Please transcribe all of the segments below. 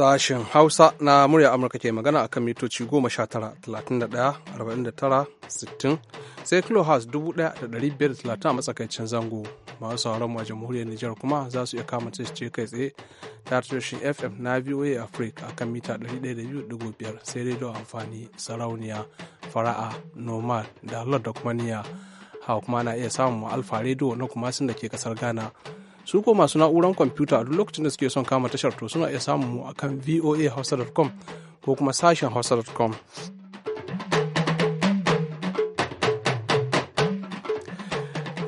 sashen Hausa na murya Amurka ke magana a kan mitoci 19-31-49-60 sai kilohertz 1530 a matsakaicin zango masu sauran a jamhuriyar Nijar kuma za su iya kama ce kai tsaye ta tashoshin FM na VOA Africa a kan mita 102.5 sai rediyo amfani sarauniya fara'a nomad da da kuma niya hawa kuma na iya samun alfa rediyo na kuma sun da ke kasar Ghana. su ko masu na'uran kwamfuta a duk lokacin da suke son kama tashar to suna iya samun mu a kan voahausa.com ko kuma sashen hausa.com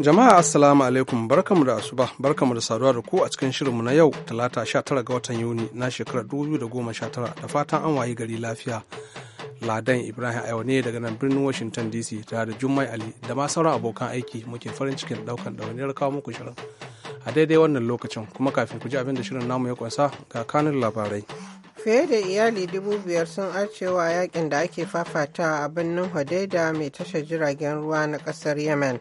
jama'a assalamu alaikum barkamu da asuba barkamu da saduwa da ku a cikin shirinmu na yau talata 19 ga watan yuni na shekarar 2019 da fatan an wayi gari lafiya Ladan Ibrahim Ayo ne daga nan birnin Washington DC tare da Jummai Ali da ma sauran abokan aiki muke farin cikin daukan ɗawainiyar kawo muku shirin. a daidai wannan lokacin kuma kafin ku ji abin da shirin namu ya kunsa ga kanun labarai fiye da iyali dubu biyar sun arcewa yakin da ake fafata a birnin hodeida mai tashar jiragen ruwa na kasar yemen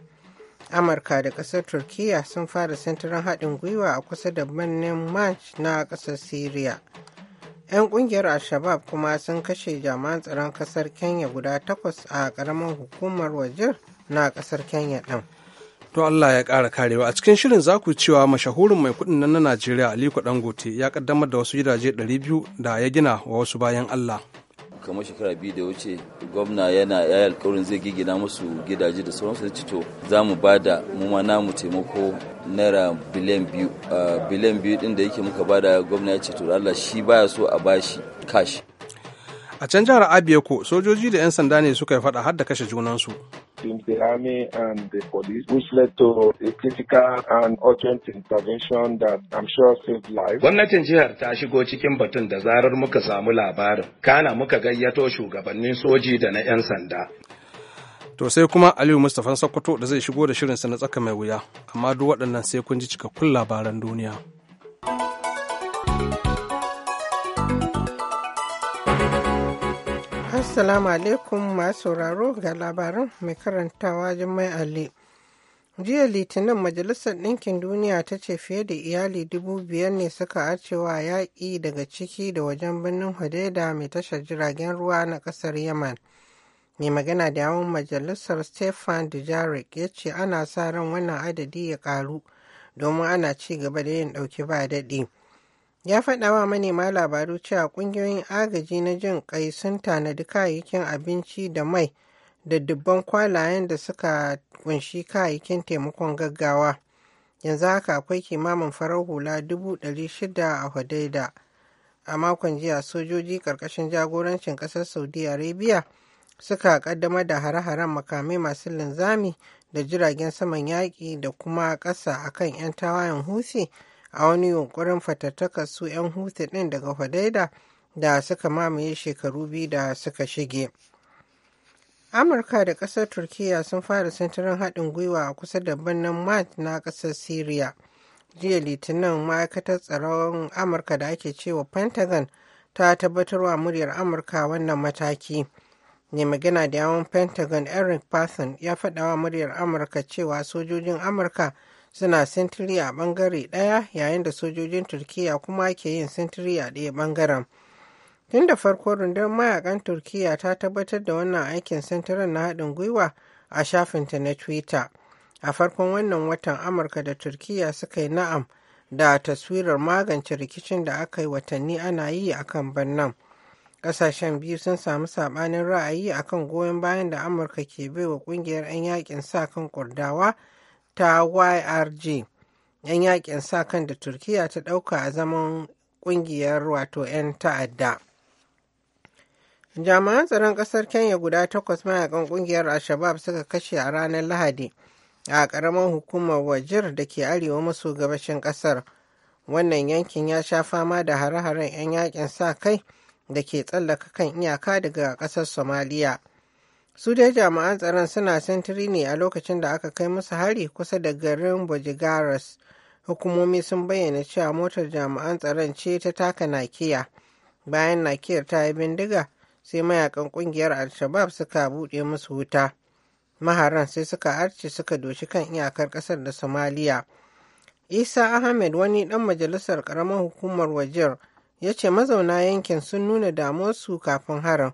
amurka da kasar turkiya sun fara sintirin haɗin gwiwa a kusa da birnin march na kasar syria 'yan kungiyar al-shabab kuma sun kashe jami'an tsaron kasar kenya guda takwas a ƙaramin hukumar wajir na kasar kenya ɗin. to Allah ya kara karewa a cikin shirin zaku ku cewa mashahurin mai kuɗin nan na Najeriya Aliko Dangote ya kaddamar da wasu gidaje 200 da ya gina wa wasu bayan Allah. kamar shekara biyu da wuce gwamna yana ya alkawarin zai gina musu gidaje da sauransu da cito za mu ba da mu ma namu taimako naira biliyan biyu biliyan biyu din da yake muka bada gwamna ya ce to Allah shi baya so a bashi kashi a can jihar abia ko sojoji da 'yan sanda ne suka yi fada har da kashe junansu between the army and the police, which led to a critical and urgent intervention that I'm sure saved lives. Gwamnatin jihar ta shigo cikin batun da zarar muka samu labarin, kana muka gayyato shugabannin soji da na 'yan sanda. To sai kuma Aliyu Mustapha Sokoto da zai shigo da shirinsa na tsaka mai wuya, amma duk waɗannan sai kun ji cikakkun labaran duniya. Assalamu alaikum masu sauraro ga labarin mai karantawa Jummai Ali. Jiya Litinin Majalisar Ɗinkin Duniya ta ce fiye da iyali dubu biyar ne suka arcewa yaƙi daga ciki da wajen birnin Hodeida mai tashar jiragen ruwa na ƙasar Yaman. Mai magana da yawon majalisar Stefan Dujarric ya ce ana sa ran wannan adadi ya ƙaru domin ana ci gaba da yin ɗauki ba daɗi. ya faɗa wa manema labaru cewa ƙungiyoyin agaji na jin ƙai sun tanadi kayayyakin abinci da mai da dubban kwalayen da suka kunshi kayayyakin taimakon gaggawa yanzu haka akwai kimamin farar hula dubu ɗari shida a hudaida a makon jiya sojoji ƙarƙashin jagorancin ƙasar saudi arabia suka ƙaddamar da hare-haren makamai masu linzami da jiragen saman yaƙi da kuma ƙasa akan 'yan tawayen husi a wani yunkurin fatattakar su 'yan hutu ɗin daga Hodaida da suka mamaye shekaru biyu da suka shige. Amurka da ƙasar Turkiyya sun fara sintirin haɗin gwiwa a kusa da birnin Mat na ƙasar Siriya. Jiya Litinin ma'aikatar tsaron Amurka da ake cewa Pentagon ta tabbatarwa muryar Amurka wannan mataki. mai magana da yawon pentagon eric Parson, ya faɗawa muryar amurka cewa sojojin amurka suna sintiri a bangare ɗaya yayin da sojojin turkiya kuma ke yin sintiri a ɗaya bangaren tun da farko rundun mayakan turkiya ta tabbatar da wannan aikin sentiran na haɗin gwiwa a shafinta na twitter a farkon wannan watan amurka da turkiya suka yi na'am da taswirar magance rikicin da aka yi watanni ana yi a kan bannan. ƙasashen biyu sun samu saɓanin ra'ayi akan goyon bayan da amurka ke baiwa ƙungiyar 'yan yakin sa kan kurdawa ta yrg yan yakin sa kan da turkiya ta ɗauka a zaman ƙungiyar wato 'yan ta'adda jami'an tsaron ƙasar kenya guda takwas mayakan ƙungiyar al-shabab suka kashe a ranar lahadi a ƙaramin hukumar wajir da ke arewa maso gabashin ƙasar wannan yankin ya sha fama da hare-haren 'yan yakin sa kai da ke tsallaka kan iyaka daga ƙasar somaliya su dai jami'an tsaron suna sintiri ne a lokacin da aka kai musu hari kusa da garin bojigaras hukumomi sun bayyana cewa motar jami'an tsaron ce ta taka nakiya bayan nakiyar ta yi bindiga sai mayakan kungiyar al-shabab suka buɗe musu wuta maharan sai suka arce suka doshi kan iyakar ƙasar da somaliya isa ahmed wani ɗan majalisar ƙaramar hukumar wajir ya ce mazauna yankin sun nuna damuwarsu kafin harin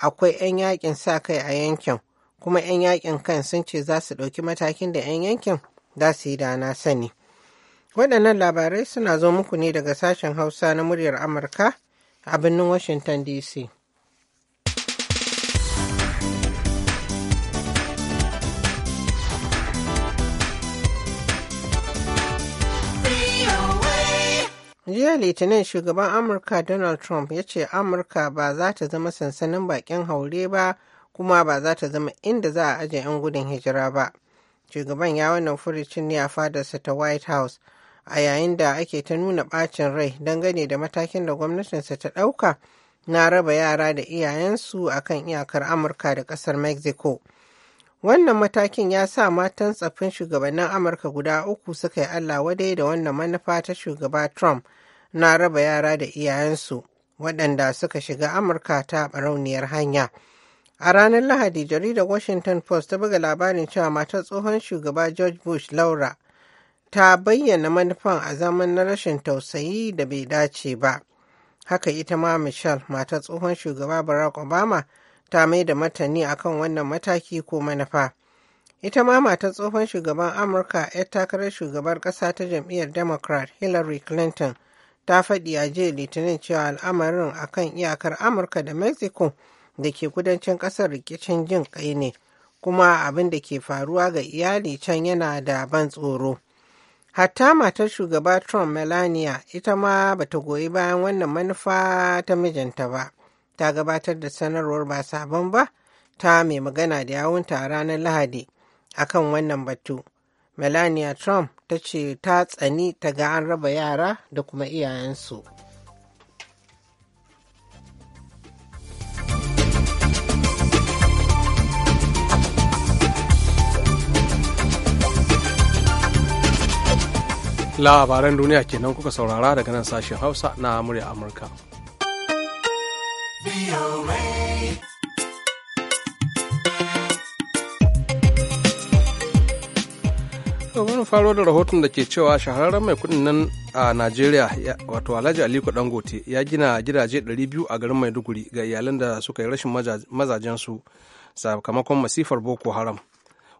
akwai 'yan yakin sa kai a yankin kuma 'yan yakin kan sun ce za su ɗauki matakin da 'yan yankin za su yi da na sani waɗannan labarai suna zo muku ne daga sashen hausa na muryar amurka a birnin washington dc jiya litinin shugaban amurka donald trump ya ce amurka ba za ta zama sansanin bakin haure ba kuma ba za ta zama inda za a aje 'yan gudun hijira ba shugaban ya wannan furicin ne a fadarsa ta white house a yayin da ake ta nuna bacin rai dangane da matakin da gwamnatinsa ta dauka na raba yara da iyayensu a kan iyakar amurka da kasar mexico wannan matakin ya sa matan tsaffin shugabannin amurka guda uku suka yi allah wadai da wannan manufa ta shugaba trump na raba yara da iyayensu waɗanda suka shiga amurka ta barauniyar hanya a ranar lahadi jaridar washington post ta buga labarin cewa matar tsohon shugaba george bush laura ta bayyana manufan a zaman na rashin tausayi da bai dace ba haka ita ma michelle matar tsohon shugaba barack obama ta mai da matani akan wannan mataki ko manufa ita ma matar tsohon shugaban amurka 'yar takarar shugabar ƙasa ta jam'iyyar democrat hillary clinton ta faɗi a jiya litinin cewa al'amarin a kan iyakar amurka da mexico da ke kudancin ƙasar rikicin jin ƙai ne kuma abin da ke faruwa ga iyali can yana da ban tsoro hatta matar shugaba trump melania ita ma bata goyi bayan wannan manufa ta mijinta ba ta gabatar da sanarwar ba sabon ba ta mai magana da yawunta ranar lahadi akan wannan batu melania trump ta ce ta tsani ta ga an raba yara da kuma iyayensu. labaran duniya kenan kuka saurara daga nan sashen hausa na murya amurka. To mun faro da rahoton da ke cewa shahararren mai kudin nan a Najeriya wato Alhaji Aliko Dangote ya gina gidaje 200 a garin Maiduguri ga iyalan da suka yi rashin su sakamakon masifar Boko Haram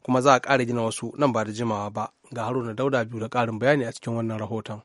kuma za a ƙara gina wasu nan ba da jimawa ba ga Haruna Dauda biyu da karin bayani a cikin wannan rahoton.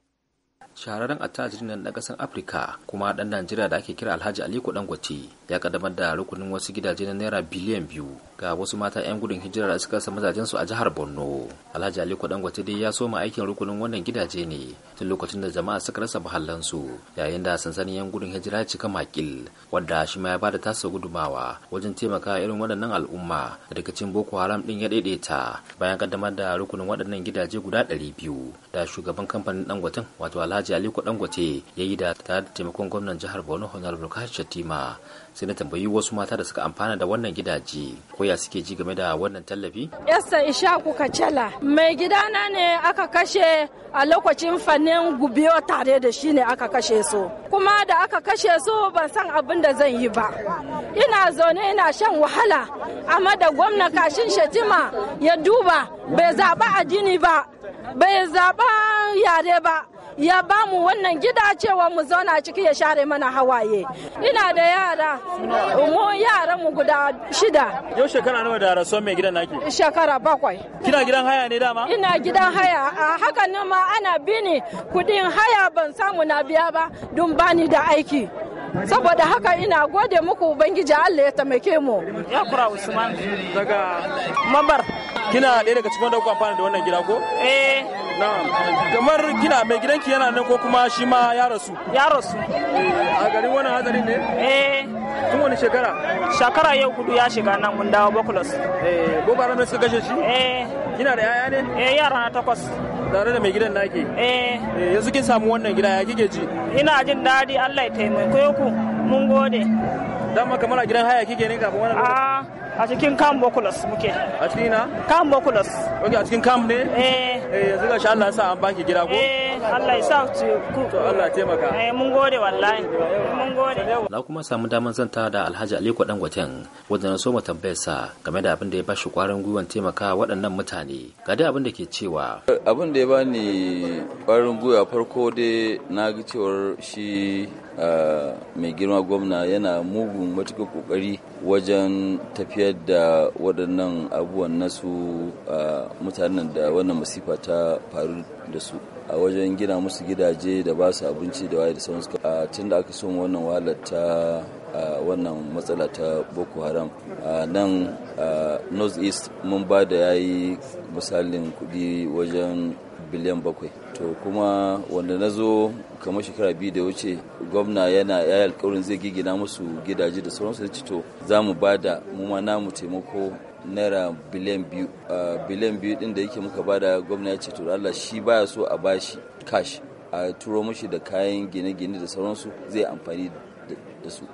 Shahararren attajirin na ƙasar Afirka kuma ɗan Najeriya da ake kira Alhaji Aliko Dangote ya kaddamar da rukunin wasu gidaje na naira biliyan biyu ga wasu mata 'yan gudun hijira da suka samu su a jihar borno alhaji aliko dangote dai ya soma aikin rukunin wannan gidaje ne tun lokacin da jama'a suka rasa mahallansu yayin da sansanin 'yan gudun hijira ya cika makil wadda shi ma ya bada tasa gudumawa wajen taimaka irin waɗannan al'umma da rikicin boko haram din ya daidaita bayan kaddamar da rukunin waɗannan gidaje guda ɗari biyu da shugaban kamfanin dangoten wato alhaji aliko dangote ya yi da tare da taimakon gwamnan jihar borno honorable kashi shatima sai na tambayi wasu mata da suka amfana da wannan gidaje ko ya suke ji game da wannan tallafi yasta ishaku kacela mai gidana ne aka kashe a lokacin fannin gubiyo tare da shi ne aka kashe su kuma da aka kashe su ban san abin da zan yi ba ina zaune ina shan wahala amma da gwamna kashin shatima ya duba bai zaba addini ba bai zaɓa yare ba ya ba mu wannan gida cewa mu zauna ciki ya share mana hawaye ina da yara mu yara mu guda shida yau shekara nawa da rasuwar mai gidan naki shekara bakwai kina gidan haya ne dama ina gidan haya a haka ne ma ana bini kudin haya ban samu na biya ba don bani da aiki saboda haka ina gode muku ubangiji Allah ya taimake mu ya kura usman daga mabar kina ɗaya daga cikin wanda kuka amfana da wannan gida ko eh na'am kamar kina mai gidanki yana nan ko kuma shi ma ya rasu ya rasu a garin wannan hatsarin ne eh tun wani shekara shekara yau kudu ya shiga nan mun dawo bakulas eh boko haram ne suka gashe shi eh kina da yaya ne eh yara na takwas tare da mai gidan naki eh. eh yanzu kin samu wannan gida ya kike ji ina jin daɗi Allah ya taimake ku mun gode dama kamar a gidan haya kike ne kafin wannan a a cikin camp Boculus muke a cikin na camp Boculus Ok, a cikin camp ne eh eh yanzu ga sha Allah sa an baki gida ko eh Allah ya sa ku to Allah taimaka eh mun gode wallahi mun gode na kuma samu damar zanta da Alhaji Aliko Dangoten wanda na so mu tambayar sa game da abin da ya bashi kwarin gwiwan taimaka waɗannan mutane ga dai abin da ke cewa abin da ya bani kwarin gwiwa farko dai na ga cewar shi Eh, mai girma gwamna yana mugun matuƙa ƙoƙari wajen tafiyar da waɗannan abubuwan nasu eh, mutanen da wannan masifa ta faru da su a wajen gina musu gidaje da ba su abinci da waye da sauransu tun da aka so wannan wahalar ta wannan matsala ta boko haram nan eh, north east mun ba da yayi misalin kuɗi wajen biliyan bakwai to kuma wanda na zo kamar shekara biyu da wuce gwamna yana ya alkawarin zai gigina musu gidaje da sauransu da to za mu ba da mu ma namu taimako naira biliyan biyu biliyan biyu din da yake muka da gwamna ya ce to Allah shi baya so a ba shi cash a turo mashi da kayan gine-gine da sauransu zai amfani da su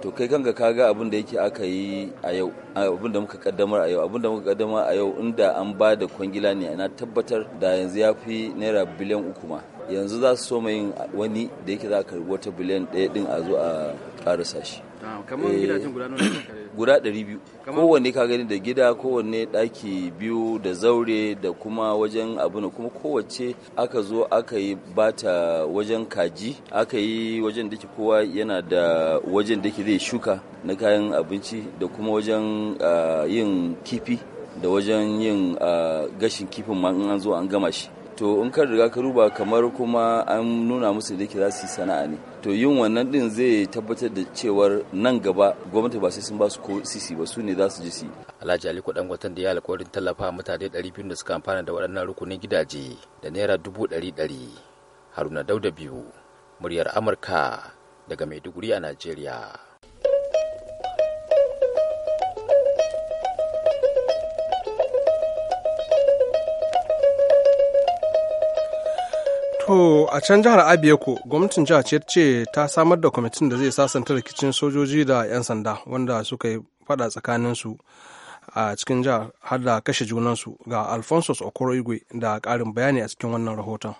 to kai kanka ka ga abin da yake aka yi a yau abin da muka kaddamar a yau abin da muka kaddamar a yau inda an ba da kwangila ne na tabbatar da yanzu ya fi naira biliyan uku ma yanzu za su so yin wani da yake za a karbi wata biliyan ɗaya din a zo a ƙarasa shi Ah, kamar gidajen eh, guda nuna guda biyu kowanne ka gani da gida kowanne ɗaki biyu da zaure da kuma wajen abu na kuma kowace aka zo aka yi bata wajen kaji aka yi wajen da ke kowa yana da wajen da ke zai shuka na kayan abinci da kuma wajen ah, yin kifi da wajen yin ah, gashin kifin ma in an zo an gama shi to in ka riga ka ruba kamar kuma an nuna musu da yake za su yi sana'a ne to yin wannan din zai tabbatar da cewar nan gaba gwamnati ba sai sun ba su ko sisi ba su ne za su ji si alhaji aliko gwatan da ya alƙawarin tallafa mutane 200 da suka amfana da waɗannan rukunin gidaje da naira dubu haruna dauda biyu muryar amurka daga maiduguri a najeriya To a can jihar Abiyako, gwamnatin jihar ce ce ta samar da kwamitin da zai sasanta rikicin sojoji da 'yan sanda wanda suka yi fada su a cikin jihar har da kashe junansu ga Alphonsus Okoro Igwe da ƙarin bayani a cikin wannan rahoton.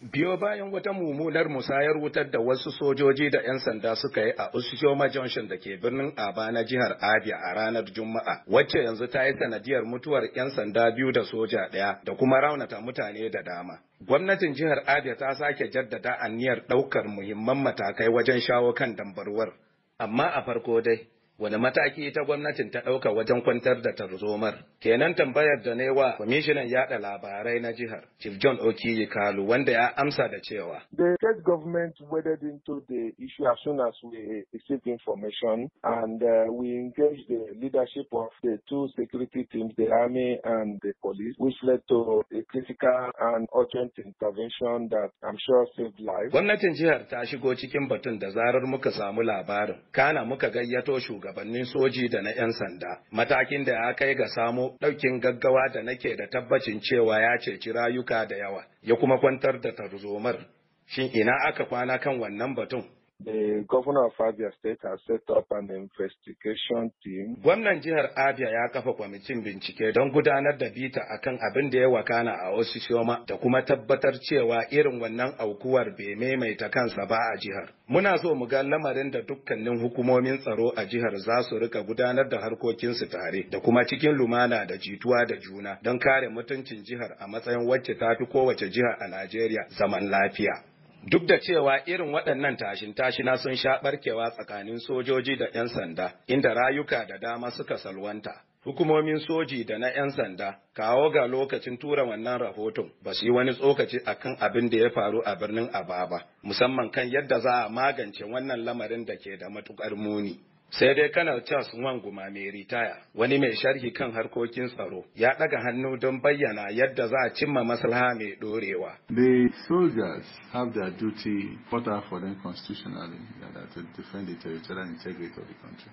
biyo bayan wata mummunar musayar wutar da wasu sojoji da 'yan sanda suka yi a Usioma Junction da ke birnin Aba na jihar Abia a ranar Juma'a, wacce yanzu ta yi sanadiyar mutuwar 'yan sanda biyu da soja ɗaya da kuma raunata mutane da dama. Gwamnatin jihar Abia ta sake jaddada aniyar ɗaukar muhimman matakai wajen shawo kan dambarwar, amma a farko dai wani mataki ita gwamnatin ta wajen kwantar da tarzomar. Kenan tambayar da wa kwamishinan labarai na jihar, Chief John Okiyi Kalu, wanda ya amsa da cewa. The state government waded into the issue as soon as we received information and uh, we engaged the leadership of the two security teams, the army and the police, which led to a critical and urgent intervention that I'm sure saved lives. Gwamnatin jihar ta shigo cikin batun da zarar muka samu labarin, kana muka gayyato shugaban shugabannin soji da na 'yan sanda matakin da ya kai ga samo ɗaukin gaggawa da nake da tabbacin cewa ya ceci rayuka da yawa ya kuma kwantar da tarzomar shin ina aka kwana kan wannan batun The governor of Abia State has set up an investigation team. Gwamnan jihar Abia ya kafa kwamitin bincike don gudanar da bita akan abin da ya wakana a wasu shoma da kuma tabbatar cewa irin wannan aukuwar bai maimaita kansa ba a jihar. Muna so mu ga lamarin da dukkanin hukumomin tsaro a jihar za su rika gudanar da harkokinsu tare da kuma cikin lumana da jituwa da juna don kare mutuncin jihar a matsayin wacce ta fi kowace jiha a Najeriya zaman lafiya. Duk da cewa irin waɗannan tashin-tashina sun sha ɓarkewa tsakanin sojoji da 'yan sanda, inda rayuka da dama suka salwanta. Hukumomin soji da na 'yan sanda kawo ga lokacin tura wannan rahoton ba su yi wani tsokaci a kan abin da ya faru a birnin Ababa, musamman kan yadda za a magance wannan lamarin da ke da matukar muni. sai dai kanar charles wanguma mai ritaya wani mai sharhi kan harkokin tsaro ya daga hannu don bayyana yadda za a cimma maslaha mai dorewa the soldiers have their duty what are for them constitutionally that to defend the territorial integrity of the country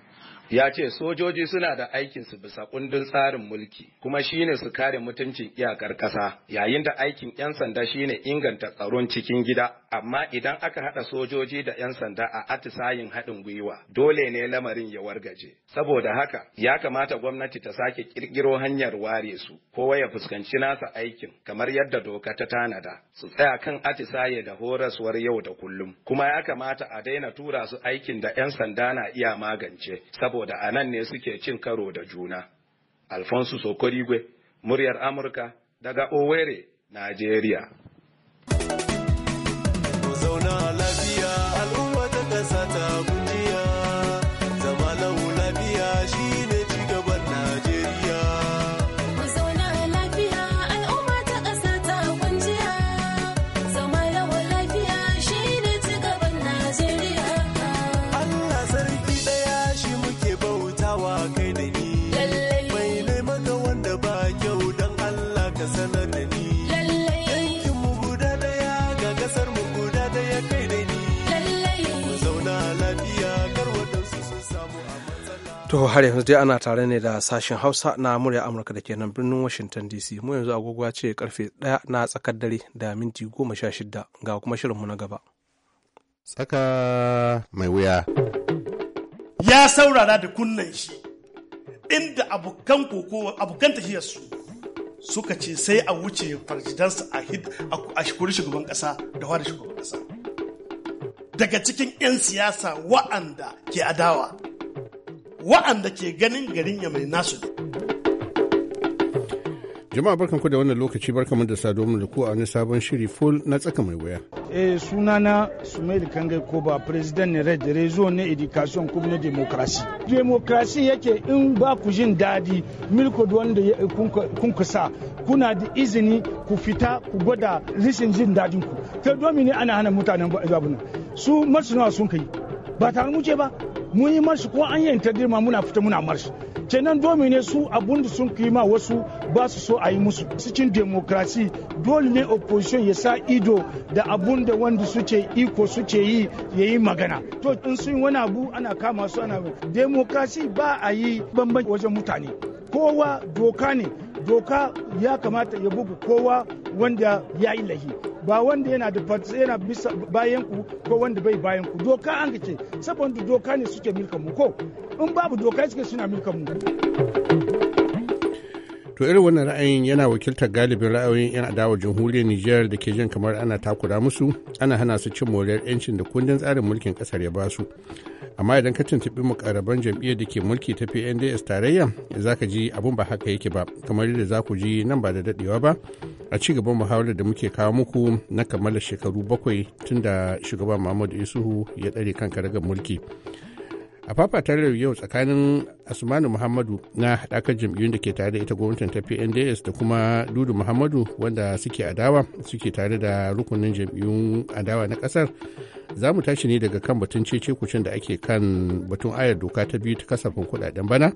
ya ce sojoji suna da aikinsu bisa kundin tsarin mulki kuma shine su kare mutuncin iyakar ƙasa yayin da aikin 'yan sanda shine inganta tsaron cikin gida amma idan aka haɗa sojoji da 'yan sanda a atisayin haɗin gwiwa dole ne lamarin ya wargaje saboda haka ya kamata gwamnati ta sake kirkiro hanyar ware su kowa ya fuskanci nasa aikin kamar yadda doka ta tanada su tsaya kan atisaye da horaswar yau da kullum kuma ya kamata a daina tura su aikin da 'yan sanda na iya magance saboda a nan ne suke cin karo da juna. Alfonso Sokorigwe, muryar Amurka daga Owerri, Najeriya. To har yanzu dai ana tare ne da sashen Hausa na murya Amurka da kenan birnin Washington DC. Mu yanzu agogo ce karfe ɗaya na tsakar dare da minti goma sha shida ga kuma shirinmu na gaba. Tsaka mai wuya. Ya saurara da kunnen shi inda abokan koko abokan su suka ce sai a wuce farjidansa a shikuri shugaban kasa da wada shugaban kasa. Daga cikin 'yan siyasa wa'anda ke adawa wa'anda ke ganin garin ya mai nasu jama'a barkanku da wannan lokaci mu da sado mu da ku a wani sabon shiri full na tsaka mai wuya eh sunana sumail kangai koba president ne red rezo ne education kuma na Democracy. demokrasi yake in ba ku jin dadi milko wanda kun sa kuna da izini ku fita ku gwada rishin jin dadin ku ta domin ana hana mutanen babu su masuna sun kai ba tare mu ce ba mun yi marshi ko an yi girma muna fita muna marshi kenan domin ne su abun da sun ma wasu ba su so a yi musu cikin demokrasi dole ne opposition ya sa ido da abun da wanda suke iko suke yi ya yi magana to in sun wani abu ana kama su ana demokrasi ba a yi bambam wajen mutane kowa doka ne doka ya kamata ya bugu kowa wanda ya yi lahi ba wanda yana da yana bisa bayan ku ko wanda bai bayan ku doka an gace saboda doka ne suke milkan mu ko in babu doka suke suna milkan mu to irin wannan ra'ayin yana wakiltar galibin ra'ayoyin 'yan adawa jamhuriyar nijar da ke jin kamar ana takura musu ana hana su cin moriyar 'yancin da kundin tsarin mulkin kasar ya basu amma idan ka tuntuɓi mukarraban jam'iyyar da ke mulki ta pnds tarayya za ka ji abun ba haka yake ba kamar yadda za ku ji nan ba da dadewa ba a ci gaban muhawarar da muke kawo muku na kammala shekaru bakwai tun da shugaban muhammadu isuhu ya tsare kan karagar mulki a fafatar yau tsakanin asmanu muhammadu na haɗakar jam'iyyun da ke tare da ita gwamnatin ta pnds da kuma dudu muhammadu wanda suke adawa suke tare da rukunin jam'iyyun adawa na ƙasar za mu tashi ne daga kan batun cece kucin da ake kan batun ayar doka ta biyu ta kasafin kuɗaɗen bana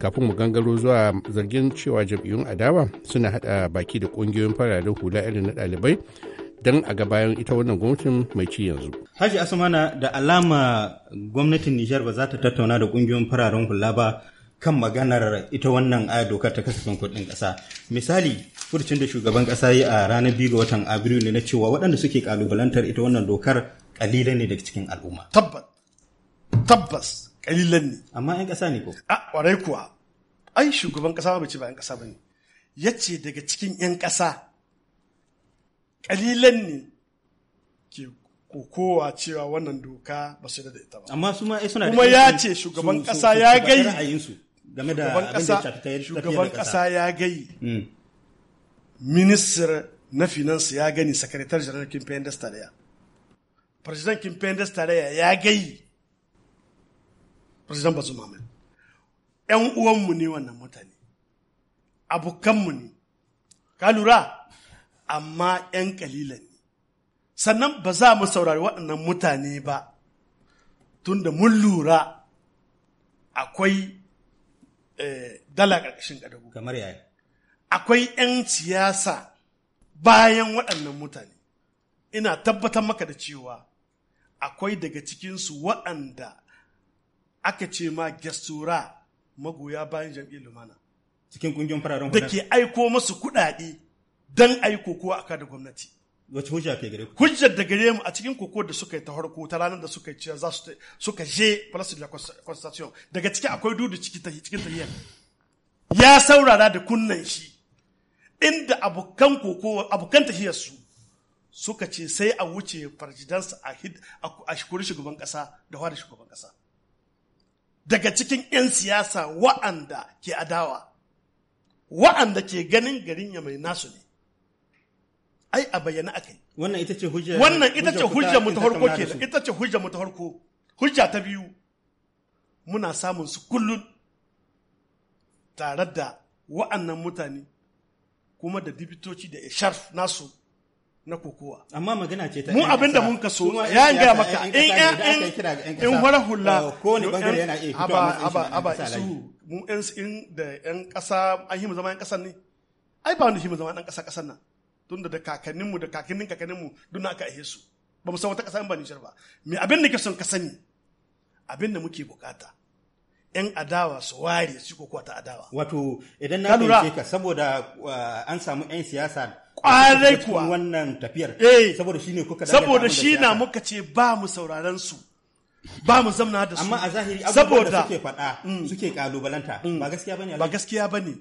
kafin mu gangaro zuwa zargin cewa jam'iyyun adawa suna haɗa baki da ƙungiyoyin fararen hula irin na ɗalibai don a ga bayan ita wannan gwamnatin mai ci yanzu. Haji Asmana da alama gwamnatin Nijar ba za ta tattauna da kungiyoyin fararen hula ba kan maganar ita wannan aya dokar ta kasafin kuɗin ƙasa. Misali, furcin da shugaban ƙasa yi a ranar biyu ga watan ne na cewa waɗanda suke ƙalubalantar ita wannan dokar ƙalilan ne daga cikin al'umma. Tabbas, tabbas, ƙalilan ne. Amma 'yan ƙasa ne ko? A, ƙwarai kuwa. Ai, shugaban ƙasa ba ce ba 'yan ƙasa ba ne. Yace daga cikin 'yan ƙasa kalilan ne ke kokowa cewa wannan doka ba su da ita ba. Amma su ma eh, suna Kuma ya ce shugaban ƙasa ya gai. game mm. da abin da Shugaban ƙasa ya gai. Ministir na finansu ya gani sakaritar janar kimfayen da tarayya. Farsidan kimfayen da tarayya ya gai. Farsidan ba su mamaye. ‘Yan uwanmu ne wannan mutane. Abokanmu ne. Ka lura? amma ‘yan kalilan ne sannan ba za mu saurari waɗannan mutane ba tunda mun lura akwai eh, dala ƙarƙashin ƙadagu kamar yaya akwai ‘yan siyasa bayan waɗannan mutane ina tabbatar maka da cewa akwai daga cikinsu waɗanda aka ce ma gestura magoya bayan jam’i lumana cikin kungiyar fararen da ke aiko masu kuɗaɗe don a yi kokowa a kada gwamnati. Wace hujja ke gare ku? Hujjar da gare mu a cikin kokowar da suka yi ta harko ta ranar da suka ci za su suka je Palace de la Constitution daga ciki akwai dudu cikin tahiyar. Ya saurara da kunnan shi inda abokan kokowa abokan tahiyar su suka ce sai a wuce farjidansa a shikuri shugaban kasa da hwada shugaban kasa. Daga cikin 'yan siyasa wa'anda ke adawa, wa'anda ke ganin garin ya mai nasu ne ai a bayyana akai wannan ita ce hujja wannan ita ce hujja mu ta farko kenan ita ce hujja mu ta farko hujja ta biyu muna samun su kullun tare da wa'annan mutane kuma da dibitoci da sharf nasu na kokowa amma magana ce ta mu abin da mun kaso ya ga maka in in in wara hula ko ne bangare yana iya fito aba aba su mu in da yan kasa an yi mu yan kasan ne ai ba wanda shi mu zama dan kasa kasan nan tunda da kakanninmu da kakannin kakanninmu duk aka ihe su ba mu san wata ƙasa ba Nijar ba me abin da ke son ka sani abin da muke bukata yan adawa su ware su ko kwata adawa wato idan na fahimce ka saboda uh, an samu yan siyasa kwarai kuwa wannan tafiyar eh. saboda shine kuka saboda shi na muka ce ba mu sauraron su ba mu zamna da su amma a zahiri abubuwan da suke faɗa mm. suke kalubalanta mm. ba gaskiya bane ba gaskiya bane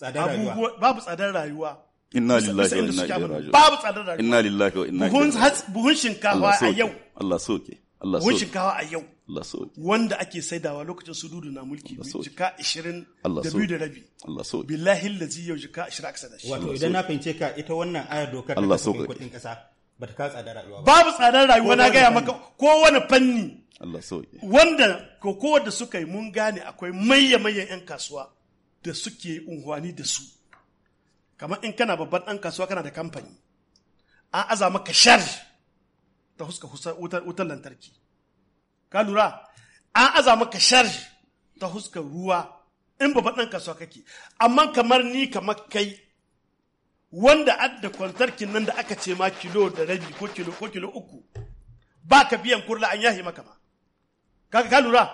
rayuwa. babu tsadar rayuwa inna lillahi wa inna ilaihi raji'un babu tsadar rayuwa inna lillahi wa inna ilaihi raji'un buhun shinkafa a yau Allah soke Allah soke buhun shinkafa a yau Allah soke wanda ake saidawa lokacin su dudu na mulki jika 20 da biyu da rabi Allah soke billahi allazi yau jika 20 aka sada shi wato idan na fahimce ka ita wannan ayar dokar ta kasafin kuɗin ƙasa ba ta ka tsadar rayuwa ba babu tsadar rayuwa na gaya maka kowane fanni Allah soke wanda ko kowanne suka yi mun gane akwai mayya mayyan yan kasuwa da suke unhwani da su kamar in kana babban ɗan kasuwa kana da kamfani an aza maka shar ta huska wutar, lantarki ka lura an aza maka shar ta huska ruwa in babban ɗan kasuwa kake amma kamar ni kamar kai wanda adda kwantarkin nan da aka ce ma kilo da rabi ko kilo ko kilo uku ba ka biyan kurla an yahi maka ba ka lura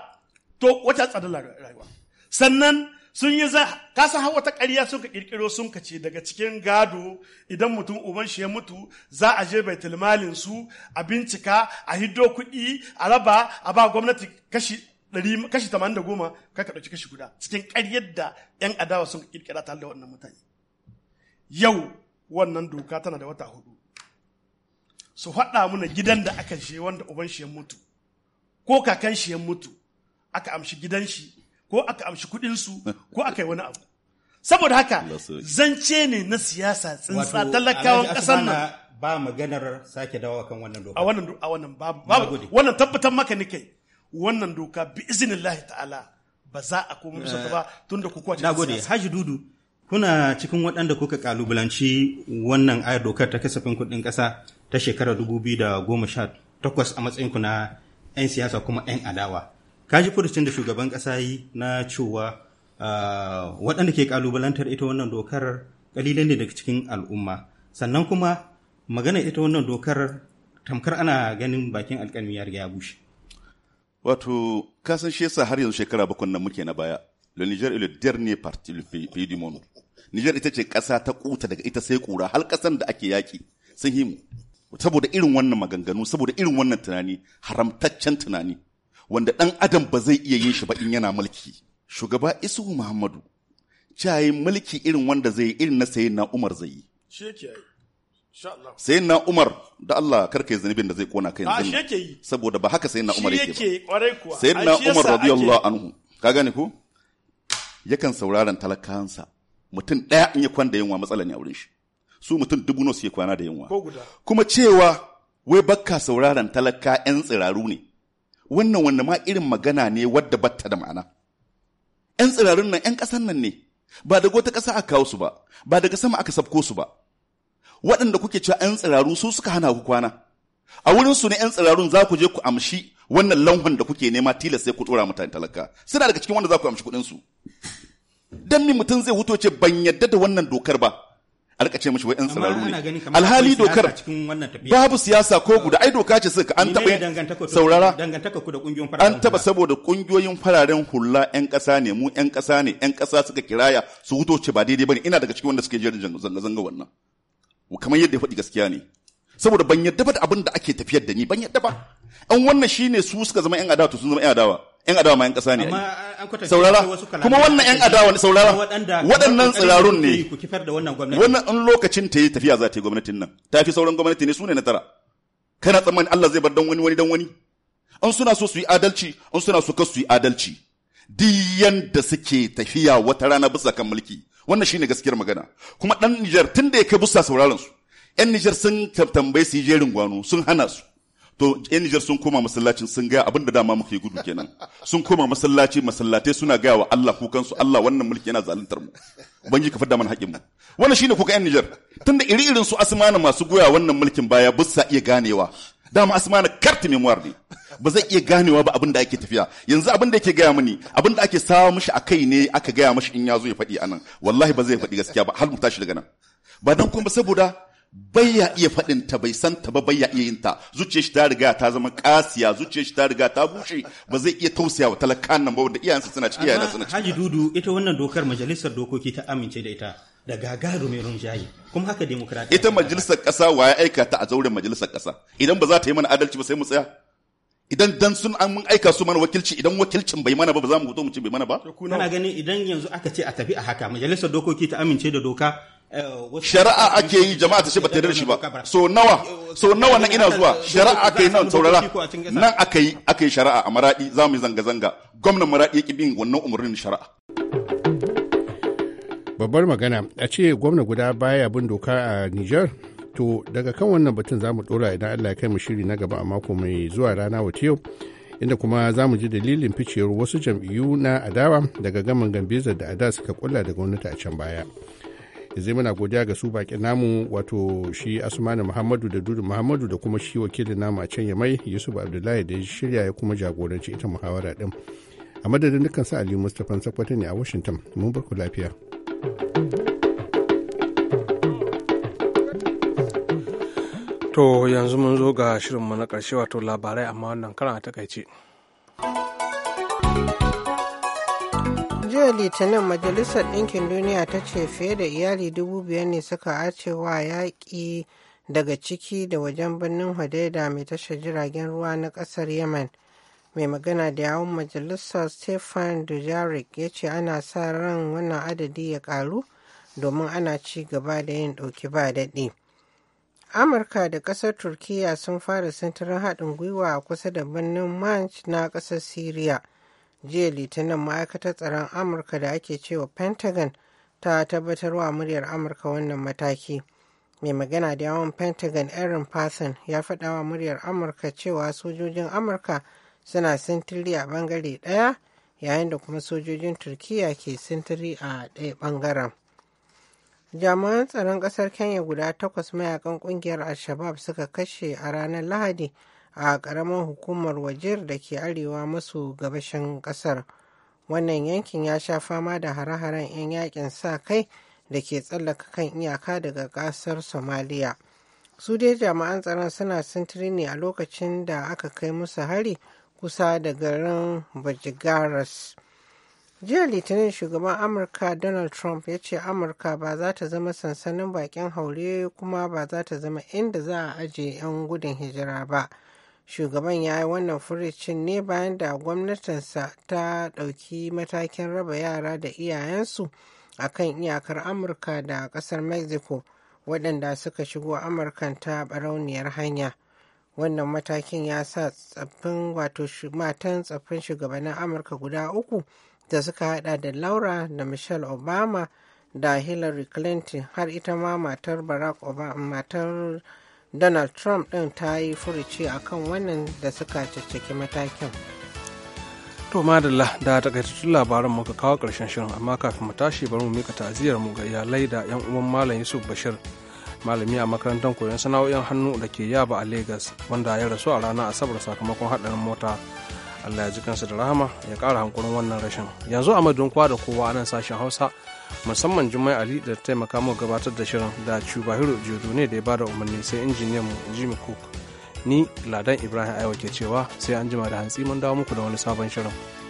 to wata tsadar rayuwa sannan sun yi za kasan wata wata ƙarya sun ka ƙirƙiro sun ka ce daga cikin gado idan mutum uban shi ya mutu za a je bai tilmalin su a bincika a hiddo kuɗi a raba a ba gwamnati kashi ɗari kashi tamanin da goma kai ka ɗauki kashi guda cikin ƙaryar da ‘yan adawa sun ƙirƙira tare da wannan mutane yau wannan doka tana da wata hudu su faɗa mana gidan da aka je wanda uban shi ya mutu ko kakan shi ya mutu aka amshi gidan shi ko aka amshi kuɗinsu eh. ko aka yi wani abu saboda haka zance ne na siyasa tsintsa talakawan ƙasar nan ba maganar sake dawo kan wannan doka a wannan a wannan babu wannan tabbatar maka ni kai wannan doka bi Allah ta'ala ba za a koma bisa ta ba eh. tunda ku kwace gode haji dudu kuna cikin waɗanda kuka kalubalanci wannan ayar dokar ta kasafin kuɗin ƙasa ta shekarar 2018 a matsayin ku na 'yan siyasa kuma 'yan adawa kaji furucin da shugaban ƙasa yi na cewa ah, waɗanda ke ƙalubalantar ita wannan dokar ƙalilan ne daga cikin al'umma sannan kuma magana ita wannan dokar tamkar ana ganin bakin alƙalmi ya riga ya bushe. Wato, kasan shi yasa har yanzu shekara bakwai nan muke na baya, le Niger le dernier parti le pays du monde. Niger ita ce ƙasa ta kuta daga ita sai kura har ƙasan da ake yaƙi sun himu. Saboda irin wannan maganganu, saboda irin wannan tunani, haramtaccen tunani. wanda ɗan adam ba zai iya yin shi ba in yana mulki shugaba isu muhammadu cayi mulki irin wanda zai irin na sayin na umar zai yi sayin na umar da Allah karka yi zunubin da zai kona kai yanzu saboda ba haka sayin na umar yake ba sayin na umar radiyallahu anhu ka gane ko yakan sauraron talakansa mutum ɗaya in ya kwanda yunwa matsala ne a wurin shi su mutum dubu nawa suke kwana da yunwa kuma cewa wai bakka sauraron talaka 'yan tsiraru ne wannan wanda ma irin magana ne wadda batta da ma'ana yan tsirarun nan yan ƙasan nan ne ba daga wata ƙasa aka kawo su ba ba daga sama aka sabko su ba waɗanda kuke cewa yan tsiraru su suka hana ku kwana a wurin su ne yan tsirarun za ku je ku amshi wannan lanhon da kuke nema tilas sai ku tsora mutane talaka suna daga cikin wanda za ku amshi kuɗinsu. su dan ni mutum zai wuto ce ban yadda da wannan dokar ba a rika ce wai yan tsiraru ne alhali dokar babu siyasa ko guda ai doka ce suka an taba saurara an taba saboda kungiyoyin fararen hula yan kasa ne mu yan kasa ne yan kasa suka kiraya su huto ce ba daidai bane ina daga cikin wanda suke jerin zanga zanga wannan kamar yadda ya faɗi gaskiya ne saboda ban yadda ba da abin da ake tafiyar da ni ban yadda ba an wannan shine su suka zama yan adawa to sun zama yan adawa yan adawa ma yan ƙasa ne a yi saurara kuma wannan yan adawa ne saurara waɗannan tsirarun ne wannan in lokacin ta yi tafiya za ta yi gwamnatin nan ta fi sauran gwamnati ne su ne na tara kana tsammani Allah zai bar dan wani wani dan wani in suna so su yi adalci in suna so kar su yi adalci duk yanda suke tafiya wata rana bisa kan mulki wannan shine gaskiyar magana kuma ɗan Nijar tun da ya kai bisa sauraron su yan Nijar sun tambaye su yi jerin gwano sun hana su to yan Nijar sun koma masallacin sun gaya da dama muke gudu kenan sun koma masallaci masallatai suna gaya wa Allah kukan su Allah wannan mulki yana zaluntar mu banji ka fadda mana haƙin mu wannan shine kuka yan Nijar tunda iri irin su asmana masu goya wannan mulkin baya ba sa iya ganewa dama asmana karti memoir ne ba zai iya ganewa ba abin da ake tafiya yanzu abin da yake gaya mini abin da ake sawa mishi a kai ne aka gaya mishi in ya zo ya faɗi anan wallahi ba zai faɗi gaskiya ba har mu tashi daga nan ba dan kuma saboda ya iya faɗin ta bai san ta ba ya iya yin ta zuciya shi ta riga ta zama kasiya zuciya shi ta riga ta bushe ba zai iya tausaya wa talakan nan ba wanda iyayensa suna ciki yana suna ciki Haji Dudu ita wannan dokar majalisar dokoki ta amince da ita da gagarumin jayi kuma haka demokradiya ita majalisar ƙasa wa ya aika ta a zauren majalisar ƙasa idan ba za ta yi mana adalci ba sai mu tsaya idan dan sun an mun aika su mana wakilci idan wakilcin bai mana ba ba za mu fito mu ce bai mana ba kana gani idan yanzu aka ce a tafi a haka majalisar dokoki ta amince da doka shari'a ake yi jama'a ta ce ba ta yarda shi ba so nawa so nawa nan ina zuwa shari'a aka yi nan saurara nan aka yi aka yi shari'a a maradi za mu yi zanga-zanga gwamnan maradi ya ki bin wannan umarnin shari'a babbar magana a ce gwamna guda baya bin doka a Nijar to daga kan wannan batun za mu dora idan Allah ya kai mu shiri na gaba a mako mai zuwa rana wata yau inda kuma za mu ji dalilin ficewar wasu jam'iyyu na adawa daga gaman gambizar da ada suka kulla da gwamnati a can baya. zai muna godiya ga su bakin namu wato shi asmanu muhammadu da dudu muhammadu da kuma shi wakilin namu a can mai yusuf abdullahi da ya shirya ya kuma jagoranci ita muhawara din a madadin dukkan sa aliyu mustapha sakwata ne a washington mun barku lafiya to yanzu mun zo ga shirinmu na ƙarshe wato labarai amma wannan karan a takaice. jiya litinin majalisar ɗinkin duniya ta ce fiye da iyali dubu biyar ne suka wa yaƙi daga ciki da wajen birnin hadaida mai tashar jiragen ruwa na ƙasar Yemen. Mai magana da yawon majalisar Stefan dujaric ya ce ana sa ran wannan adadi ya ƙaru domin ana ci gaba da yin ɗauki ba daɗi. Amurka da ƙasar Turkiyya sun fara sintirin haɗin gwiwa a kusa da birnin Manch na ƙasar Siriya. jiya litinin ma'aikatar tsaron amurka da ake cewa pentagon ta tabbatar wa muryar amurka wannan mataki mai magana da yawon pentagon Erin fasan ya faɗa wa muryar amurka cewa sojojin amurka suna sintiri a bangare ɗaya yayin da kuma sojojin turkiya ke sintiri a ɗaya bangaren jami'an tsaron ƙasar kenya guda takwas mayakan ƙungiyar al-shabab suka kashe a ranar lahadi a ƙaramar hukumar wajir da ke arewa masu gabashin ƙasar wannan yankin ya sha fama da hare-haren 'yan yakin sa kai da ke tsallaka kan iyaka daga ƙasar Somalia. su dai jami'an tsaron suna sintiri ne a lokacin da aka kai musu hari kusa da garin bajigaras jiya litinin shugaban amurka donald trump ya ce amurka ba za ta zama sansanin bakin haure kuma ba za ta zama inda za a ajiye 'yan gudun hijira ba. shugaban ya yi wannan furicin ne bayan da gwamnatinsa ta ɗauki matakin raba yara da iyayensu a kan iyakar amurka da ƙasar mexico waɗanda suka shigo amurkan ta barauniyar hanya wannan matakin ya sa tsaffin wato matan tsaffin shugabannin amurka guda uku da suka hada da laura da michelle obama da hillary clinton har ita ma matar barack obama matar donald trump ɗin ta yi furuci a kan wannan da suka cicciki matakin to madalla da takaitattun labaran muka kawo ƙarshen shirin amma kafin mu tashi bari mu mika ta'aziyar mu ga iyalai da yan uwan malam yusuf bashir malami a makarantar koyon sana'o'in hannu da ke yaba a lagos wanda ya rasu a ranar asabar sakamakon haɗarin mota allah ya ji kansa da rahama ya ƙara hankulin wannan rashin yanzu a madun kwa da kowa nan sashen hausa musamman Jummai Ali da taimaka mu gabatar da shirin da Chubahiro Jodo ne da ya bada umarni sai injiniyan mu Jimmy Cook. Ni Ladan Ibrahim Aiwa ke cewa sai an jima da hantsi mun dawo muku da wani sabon shirin.